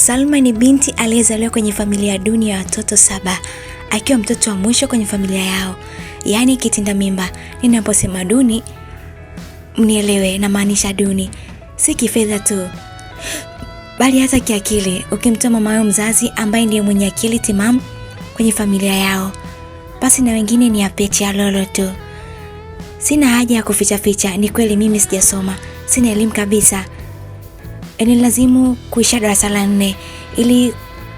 Salma ni binti aliyezaliwa kwenye familia duni ya watoto saba, akiwa mtoto wa mwisho kwenye familia yao, yaani kitinda mimba. Ninaposema duni, mnielewe, namaanisha duni si kifedha tu, bali hata kiakili. Ukimtoa mama yao mzazi ambaye ndiye mwenye akili timamu kwenye familia yao, basi na wengine ni apeti ya lolo tu. Sina haja ya kufichaficha, ni kweli mimi sijasoma, sina elimu kabisa Yanilazimu kuisha darasa la nne ili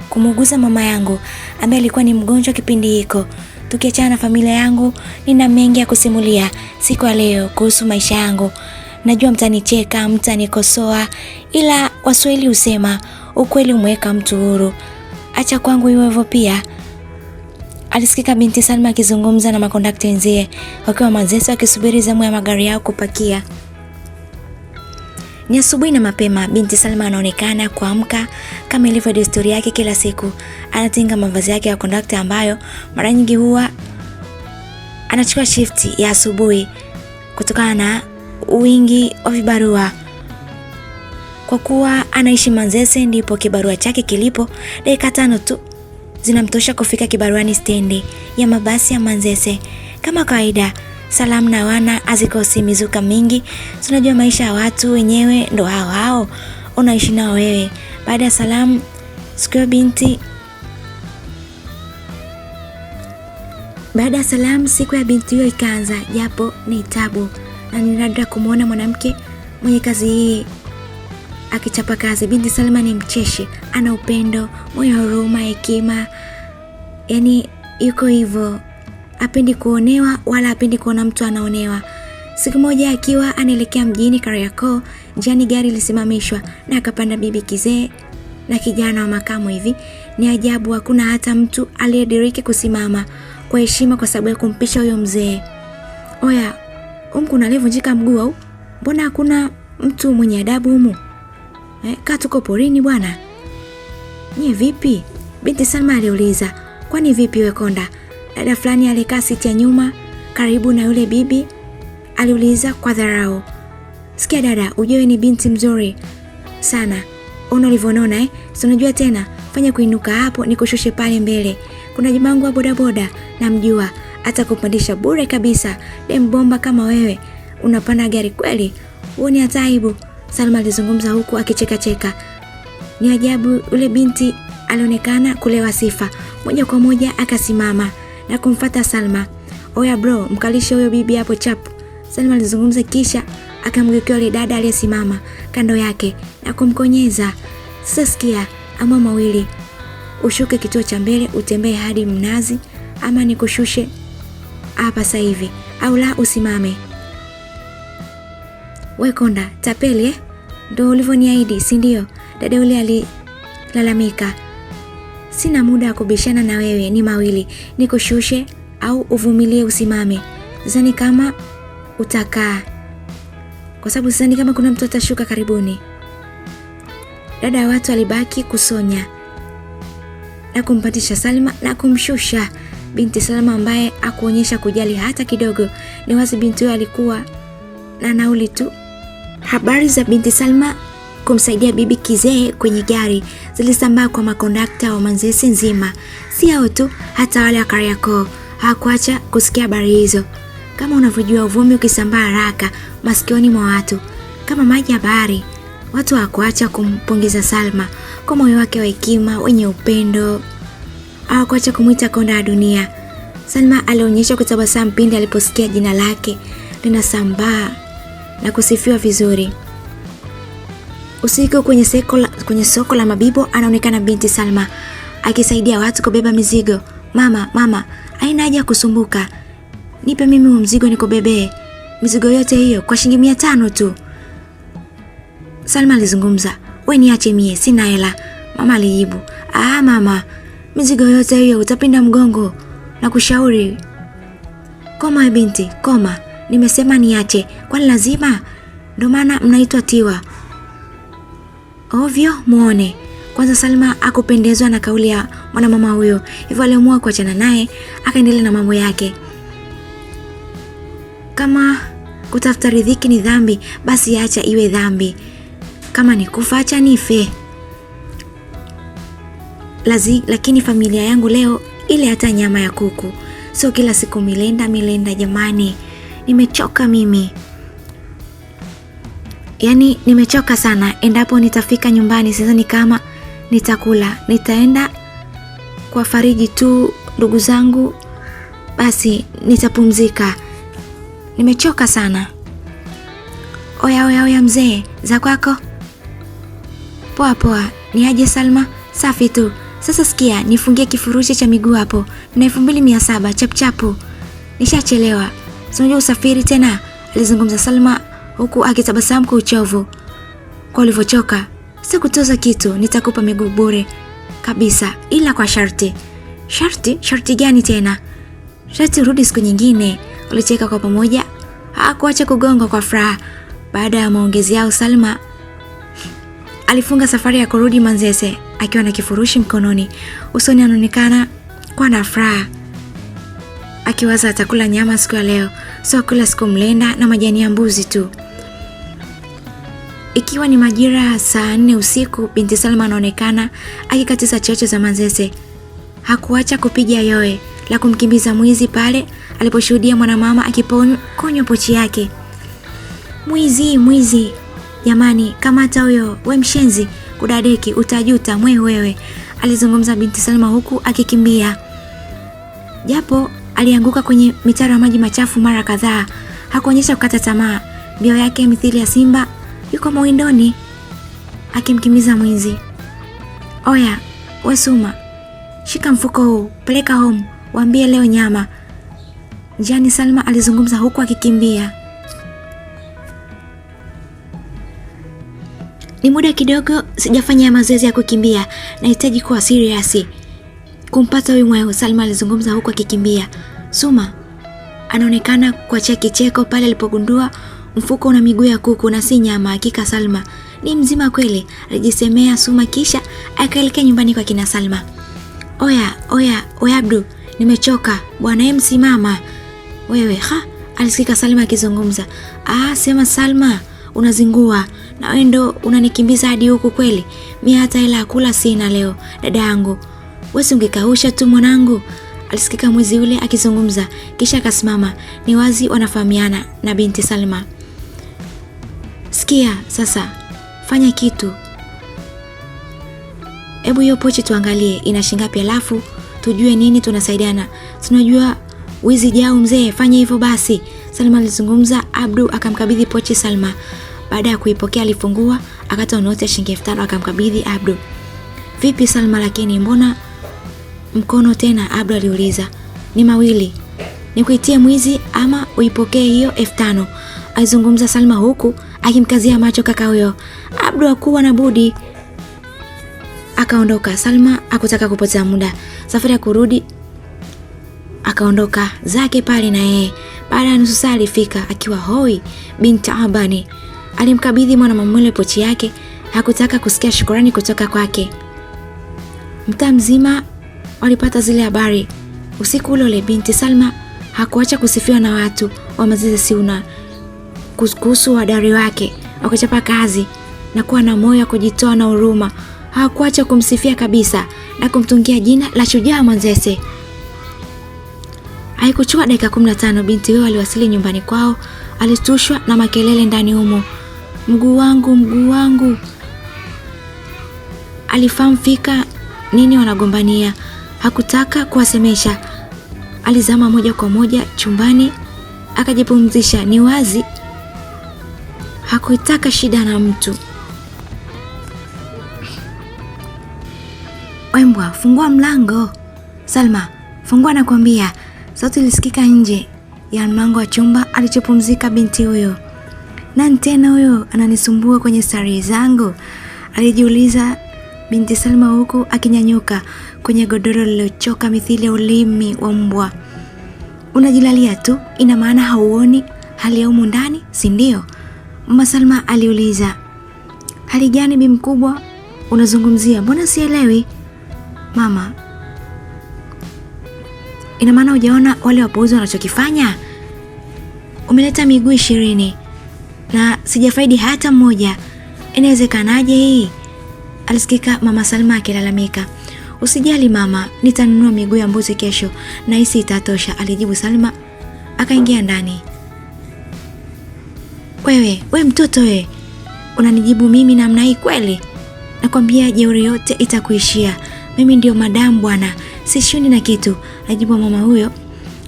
kumuuguza mama yangu ambaye alikuwa ni mgonjwa kipindi hiko. Tukiachana na familia yangu, nina mengi ya kusimulia siku ya leo kuhusu maisha yangu. Najua mtanicheka, mtanikosoa, ila Waswahili husema ukweli umeweka mtu huru. Acha kwangu iwe hivyo pia. Alisikika binti Salma akizungumza na makondakta wenzie wakiwa Manzese, wakisubiri zamu ya magari yao kupakia. Ni asubuhi na mapema, binti Salma anaonekana kuamka kama ilivyo desturi yake kila siku. Anatenga mavazi yake ya kondakta ambayo mara nyingi huwa anachukua shift ya asubuhi kutokana na wingi wa vibarua. Kwa kuwa anaishi Manzese, ndipo kibarua chake kilipo. Dakika tano tu zinamtosha kufika kibaruani stendi ya mabasi ya Manzese. Kama kawaida salamu na wana azikosi mizuka mingi. Tunajua maisha ya watu wenyewe ndo hao hao unaishi nao wewe. Baada ya salamu, siku binti baada ya salamu, siku ya binti hiyo ikaanza, japo ni tabu na ni nadra kumwona mwanamke mwenye kazi hii akichapa kazi. Binti Salma ni mcheshi, ana upendo, mwenye huruma, hekima, yani yuko hivyo apendi kuonewa wala apendi kuona mtu anaonewa. Siku moja akiwa anaelekea mjini Kariakoo, njiani gari lilisimamishwa na akapanda bibi kizee na kijana wa makamo hivi. Ni ajabu hakuna hata mtu aliyediriki kusimama kwa heshima kwa sababu ya kumpisha huyo mzee. Oya, humu kuna aliyevunjika mguu au? Mbona hakuna mtu mwenye adabu humu? Eh, ka tuko porini bwana. Ni vipi? Binti Salma aliuliza. Kwani vipi wewe Konda? Dada fulani alikaa siti ya nyuma karibu na yule bibi, aliuliza kwa dharau, sikia dada, ujue ni binti mzuri sana, ona ulivyonona eh? Si unajua tena, fanya kuinuka hapo nikushushe pale mbele. Kuna jimangu wa bodaboda namjua, atakupandisha bure kabisa. Dembomba kama wewe unapanda gari kweli, huoni ni aibu? Salma alizungumza huku akichekacheka. Ni ajabu, yule binti alionekana kulewa sifa moja kwa moja, akasimama na kumfata Salma. Oya bro, mkalishe huyo bibi hapo chapu. Salma alizungumza kisha akamgeukia yule dada aliyesimama kando yake na kumkonyeza. Sasa sikia, ama mawili. Ushuke kituo cha mbele utembee hadi Mnazi ama nikushushe hapa sasa hivi au la usimame. wekonda konda, tapeli eh? Ndio ulivyoniahidi, si ndio? Dada yule alilalamika. Sina muda wa kubishana na wewe, ni mawili, nikushushe au uvumilie usimame. Zani kama utakaa, kwa sababu zani kama kuna mtu atashuka karibuni. Dada ya watu alibaki kusonya na kumpatisha Salma na kumshusha binti Salma, ambaye akuonyesha kujali hata kidogo. Ni wazi binti huyo alikuwa na nauli tu. Habari za binti Salma kumsaidia bibi kizee kwenye gari zilisambaa kwa makondakta wa manzesi nzima, si hao tu, hata wale wa Kariakoo hawakuacha kusikia habari hizo. Kama unavyojua, uvumi ukisambaa haraka masikioni mwa watu kama maji ya bahari, watu hawakuacha kumpongeza Salma kwa moyo wake wa hekima wenye upendo, hawakuacha kumwita konda ya dunia. Salma alionyesha kutabasaa mpindi aliposikia jina lake linasambaa na kusifiwa vizuri. Usiku kwenye soko la, kwenye soko la Mabibo anaonekana binti Salma akisaidia watu kubeba mizigo. Mama, mama, haina haja ya kusumbuka, nipe mimi huo mzigo nikubebee. Mizigo yote hiyo kwa shilingi mia tano tu, Salma alizungumza. We niache mie, sina hela, mama alijibu. Ah mama, mizigo yote hiyo utapinda mgongo na kushauri. Koma binti, koma, nimesema niache, kwani lazima? Ndo maana mnaitwa tiwa Ovyo mwone. Kwanza Salma akupendezwa na kauli ya mwanamama huyo, hivyo aliamua kuachana naye, akaendelea na mambo yake. Kama kutafuta riziki ni dhambi, basi acha iwe dhambi. Kama ni kufa, acha nife. Lazi, lakini familia yangu leo ile hata nyama ya kuku, sio kila siku milenda milenda. Jamani, nimechoka mimi. Yaani nimechoka sana. Endapo nitafika nyumbani, ni kama nitakula. Nitaenda kwa fariji tu ndugu zangu, basi nitapumzika. Nimechoka sana. Oya, oya, oya mzee, za kwako? Poa poa. Ni aje Salma? Safi tu. Sasa sikia, nifungie kifurushi cha miguu hapo na elfu mbili mia saba chapchapu. Nishachelewa, si usafiri tena, alizungumza Salma huku akitabasamu kwa uchovu. Kwa ulivyochoka, sikutoza kitu, nitakupa miguu bure kabisa, ila kwa sharti. Sharti? Sharti gani tena? Sharti urudi siku nyingine. Ulicheka kwa pamoja, hakuacha kugonga kwa furaha. Baada ya maongezi yao, Salma alifunga safari ya kurudi Manzese akiwa na kifurushi mkononi. Usoni anaonekana kuwa na furaha, akiwaza atakula nyama siku ya leo, sio kula siku mlenda na majani ya mbuzi tu. Ikiwa ni majira saa nne usiku, binti Salma anaonekana akikatiza cheche za Manzese. Hakuacha kupiga yowe la kumkimbiza mwizi pale aliposhuhudia mwanamama akipokonywa pochi yake. Mwizi, mwizi! Jamani, kamata huyo we mshenzi, kudadeki utajuta mwe wewe, alizungumza binti Salma huku akikimbia. Japo alianguka kwenye mitaro ya maji machafu mara kadhaa, hakuonyesha kukata tamaa. Mbio yake mithili ya simba yuko mawindoni akimkimbiza mwizi. Oya we Suma, shika mfuko huu, peleka home, waambie leo nyama. Njiani Salma alizungumza huku akikimbia. Ni muda kidogo sijafanya mazoezi ya kukimbia, nahitaji kuwa serious kumpata huyu mweo, Salma alizungumza huku akikimbia. Suma anaonekana kuachia kicheko pale alipogundua Mfuko una miguu ya kuku na si nyama. Hakika Salma ni mzima kweli, alijisemea Suma kisha akaelekea nyumbani kwa kina Salma. Oya, oya, oya Abdu, nimechoka bwana, em, simama wewe. Ha, alisikika Salma akizungumza. Ah, sema Salma, unazingua na wewe ndo unanikimbiza hadi huku kweli. Mimi hata hela ya kula sina leo, dada yangu. Wewe ungekausha tu mwanangu, alisikika mwizi yule akizungumza, kisha akasimama. Ni wazi wanafahamiana na binti Salma. Sikia sasa, fanya kitu. Hebu hiyo pochi tuangalie ina shilingi ngapi, alafu tujue nini tunasaidiana. Tunajua wizi jao mzee, fanya hivyo basi. Salma alizungumza. Abdu akamkabidhi pochi Salma. Baada ya kuipokea alifungua, akata noti ya shilingi elfu tano akamkabidhi Abdu. Vipi Salma, lakini mbona mkono tena? Abdu aliuliza. Ni mawili, nikuitie mwizi ama uipokee hiyo elfu tano, alizungumza Salma huku akimkazia macho kaka huyo. Abdu hakuwa na budi, akaondoka. Salma akutaka kupoteza muda, safari ya kurudi akaondoka zake pale na yeye. Baada ya nusu saa alifika akiwa hoi. Binti Abani alimkabidhi mwanamamwele pochi yake, hakutaka kusikia shukurani kutoka kwake. Mtaa mzima walipata zile habari. Usiku ule ule binti Salma hakuacha kusifiwa na watu wa mazizi siuna kuhusu wadari wake, wakachapa kazi na kuwa na moyo wa kujitoa na huruma. Hawakuacha kumsifia kabisa na kumtungia jina la shujaa mwanzese Haikuchukua dakika 15 binti huyo aliwasili nyumbani kwao, alitushwa na makelele ndani humo. Mguu wangu, mguu wangu. Alifahamu fika nini wanagombania. Hakutaka kuwasemesha. Alizama moja kwa moja chumbani akajipumzisha. Ni wazi hakuitaka shida na mtu. Wembwa, fungua mlango. Salma, fungua nakwambia. Sauti ilisikika nje ya mlango wa chumba alichopumzika binti huyo. Nani tena huyo ananisumbua kwenye starehe zangu? Alijiuliza binti Salma huku akinyanyuka kwenye godoro lililochoka mithili ya ulimi wa mbwa. Unajilalia tu, ina maana hauoni hali ya humu ndani, si ndio? Mama Salma aliuliza, hali gani bi mkubwa, unazungumzia? Mbona sielewi mama. Ina maana hujaona wale wapuuzi wanachokifanya? Umeleta miguu ishirini na sijafaidi hata mmoja, inawezekanaje hii? Alisikika mama Salma akilalamika. Usijali mama, nitanunua miguu ya mbuzi kesho na hisi itatosha, alijibu Salma akaingia ndani. Wewe we mtoto we, unanijibu mimi namna hii kweli? Nakwambia jeuri yote itakuishia. Mimi ndio madamu bwana, sishindi na kitu, najibu mama huyo.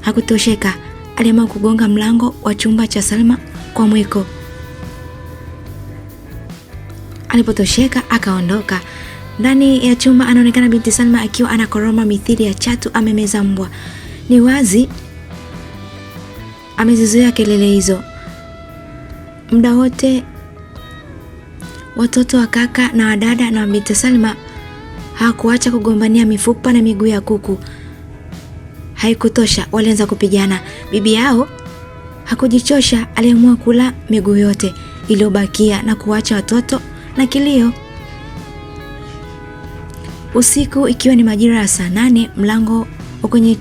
Hakutosheka, aliamua kugonga mlango wa chumba cha Salma kwa mwiko. Alipotosheka akaondoka. Ndani ya chumba anaonekana binti Salma akiwa anakoroma mithili ya chatu amemeza mbwa. Ni wazi amezizoea kelele hizo. Muda wote watoto wa kaka na wadada na wabinti Salma hawakuacha kugombania mifupa na miguu ya kuku. Haikutosha, walianza kupigana. Bibi yao hakujichosha, aliamua kula miguu yote iliyobakia na kuwacha watoto na kilio. Usiku ikiwa ni majira ya saa nane, mlango wa kwenye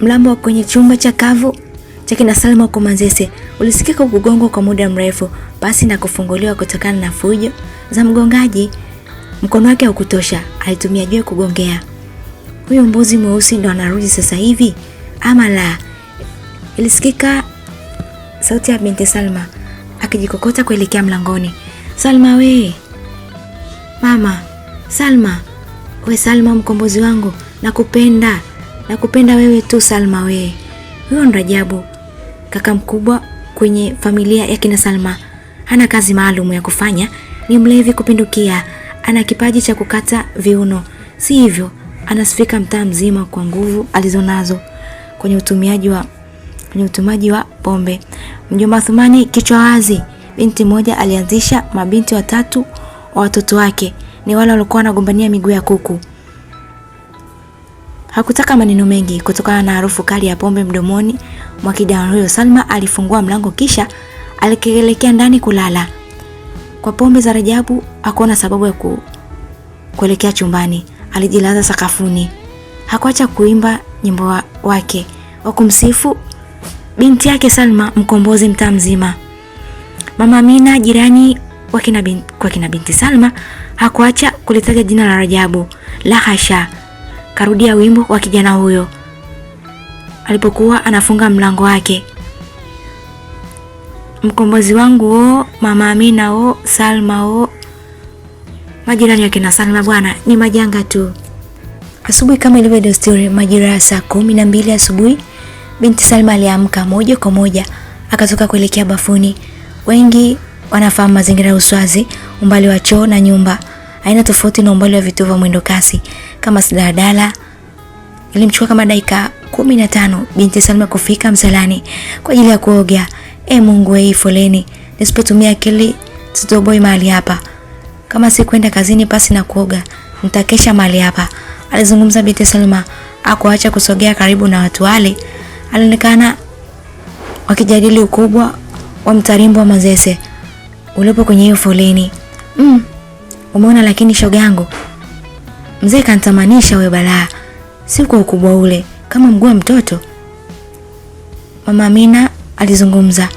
Mlambo kwenye chumba cha kavu cha kina Salma huko Manzese ulisikika kugongwa kwa muda mrefu pasi na kufunguliwa kutokana na fujo za mgongaji. Mkono wake haukutosha, alitumia jiwe kugongea. Huyo mbuzi mweusi ndo anarudi sasa hivi ama la? Ilisikika sauti ya binti Salma akijikokota kuelekea mlangoni. Salma we mama, Salma we Salma, mkombozi wangu nakupenda na kupenda wewe tu Salma wee. Huyo ni Rajabu, kaka mkubwa kwenye familia ya kina Salma. Hana kazi maalum ya kufanya, ni mlevi kupindukia, ana kipaji cha kukata viuno, si hivyo? Anasifika mtaa mzima kwa nguvu alizonazo kwenye utumiaji wa kwenye utumaji wa pombe. Mjomba Thumani kichwa wazi, binti moja alianzisha mabinti watatu wa watoto wake, ni wale waliokuwa wanagombania miguu ya kuku. Hakutaka maneno mengi kutokana na harufu kali ya pombe mdomoni mwa kijana huyo. Salma alifungua mlango kisha alikelekea ndani kulala. Kwa pombe za Rajabu hakuona sababu ya ku, kuelekea chumbani. Alijilaza sakafuni. Hakuacha kuimba nyimbo wa, wake wa kumsifu binti yake Salma, mkombozi mtaa mzima. Mama Amina jirani wa kina bin, kwa kina binti Salma hakuacha kulitaja jina la Rajabu, la hasha karudia wimbo wa kijana huyo alipokuwa anafunga mlango wake. Mkombozi wangu o, mama Amina o, Salma o. Majirani yake na Salma bwana ni majanga tu. Asubuhi kama ilivyo desturi, majira ya saa kumi na mbili asubuhi, binti Salma aliamka moja kwa moja akatoka kuelekea bafuni. Wengi wanafahamu mazingira ya uswazi, umbali wa choo na nyumba aina tofauti na umbali wa vituo vya mwendo kasi kama daladala. Ilimchukua kama dakika kumi na tano binti Salma kufika msalani kwa ajili ya kuoga. E Mungu, e hii foleni! Nisipotumia akili sitoboi mahali hapa. Kama si kwenda kazini pasi na kuoga, nitakesha mahali hapa, alizungumza binti Salma. Hakuacha kusogea karibu na watu wale, alionekana wakijadili ukubwa wa mtarimbo wa mazese ulipo kwenye hiyo foleni. Mm, Umeona, lakini shoga yangu mzee kantamanisha wewe balaa, si kwa ukubwa ule, kama mguu wa mtoto. Mama Amina alizungumza,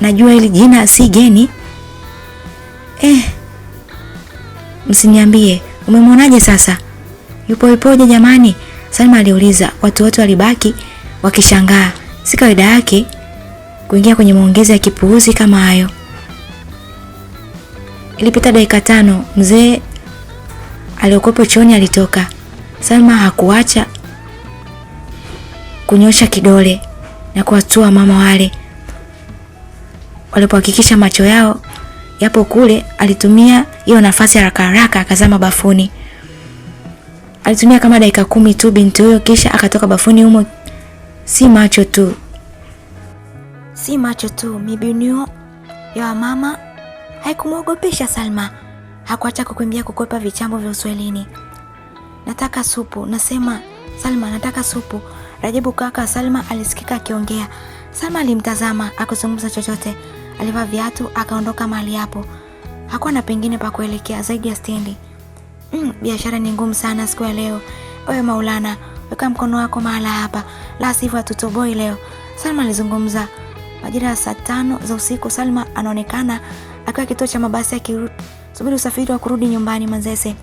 najua ili jina si geni eh. Msiniambie umemwonaje sasa, yupo ipoje jamani? Salma aliuliza. Watu wote walibaki wakishangaa, si kawaida yake kuingia kwenye maongezi ya kipuuzi kama hayo. Ilipita dakika tano, mzee aliokopo chooni alitoka. Salma hakuacha kunyosha kidole na kuwatua mama wale walipohakikisha macho yao yapo kule. Alitumia hiyo nafasi haraka haraka akazama bafuni. Alitumia kama dakika kumi tu binti huyo, kisha akatoka bafuni humo. Si macho tu, si macho tu, mibinio ya mama haikumwogopesha Salma. Hakuacha kukimbia kukwepa vichambo vya uswelini. Nataka supu, nasema Salma, nataka supu. Rajibu kaka Salma alisikika akiongea. Salma alimtazama, akuzungumza chochote. Alivaa viatu akaondoka mahali hapo. Hakuwa na pengine pa kuelekea zaidi ya stendi. Mm, biashara ni ngumu sana siku ya leo. Ewe Maulana, weka mkono wako mahala hapa, la sivyo hatutoboi leo. Salma alizungumza Majira ya saa tano za usiku, Salma anaonekana akiwa kituo cha mabasi akisubiri usafiri wa kurudi nyumbani Manzese.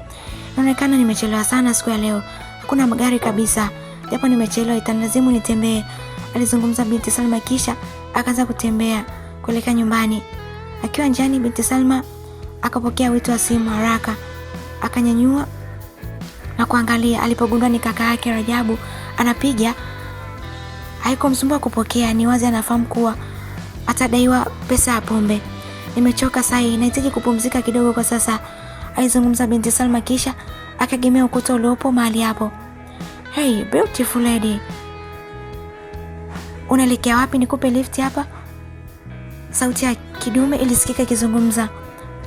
Inaonekana nimechelewa sana siku ya leo, hakuna magari kabisa, japo nimechelewa itanilazimu nitembee, alizungumza binti Salma, kisha akaanza kutembea kuelekea nyumbani. Akiwa njiani, binti Salma akapokea wito wa simu haraka, akanyanyua na kuangalia. Alipogundua ni kaka yake Rajabu anapiga Haikumsumbua kupokea, ni wazi anafahamu kuwa atadaiwa pesa ya pombe. Nimechoka sahi, nahitaji kupumzika kidogo kwa sasa, alizungumza binti Salma kisha akaegemea ukuta uliopo mahali hapo. Hey, beautiful lady, unaelekea wapi? Nikupe lift hapa? Sauti ya kidume ilisikika ikizungumza.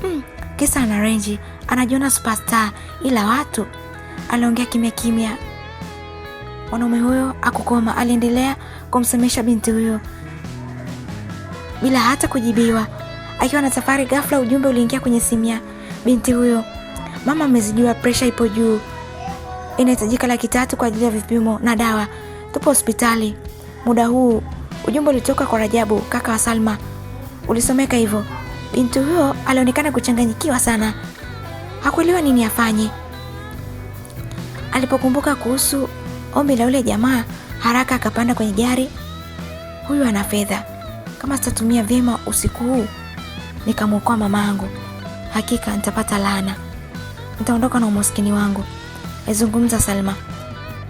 Mm, kisa ana renji, anajiona superstar, ila watu aliongea kimya kimya. Mwanaume huyo akukoma, aliendelea kumsemesha binti huyo bila hata kujibiwa. Akiwa na safari, ghafla ujumbe uliingia kwenye simu ya binti huyo: mama amezijua, presha ipo juu, inahitajika laki tatu kwa ajili ya vipimo na dawa, tupo hospitali muda huu. Ujumbe ulitoka kwa Rajabu, kaka wa Salma, ulisomeka hivyo. Binti huyo alionekana kuchanganyikiwa sana, hakuelewa nini afanye alipokumbuka kuhusu Ombi la yule jamaa haraka akapanda kwenye gari. Huyu ana fedha, kama sitatumia vyema usiku huu nikamwokoa mamangu, hakika nitapata laana, nitaondoka na umaskini wangu, aizungumza Salma.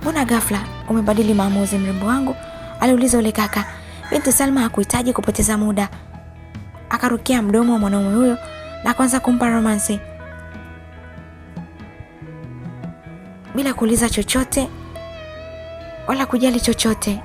Mbona ghafla umebadili maamuzi mrembo wangu? aliuliza yule kaka. Binti Salma hakuhitaji kupoteza muda, akarukia mdomo wa mwanaume huyo na kwanza kumpa romansi bila kuuliza chochote wala kujali chochote.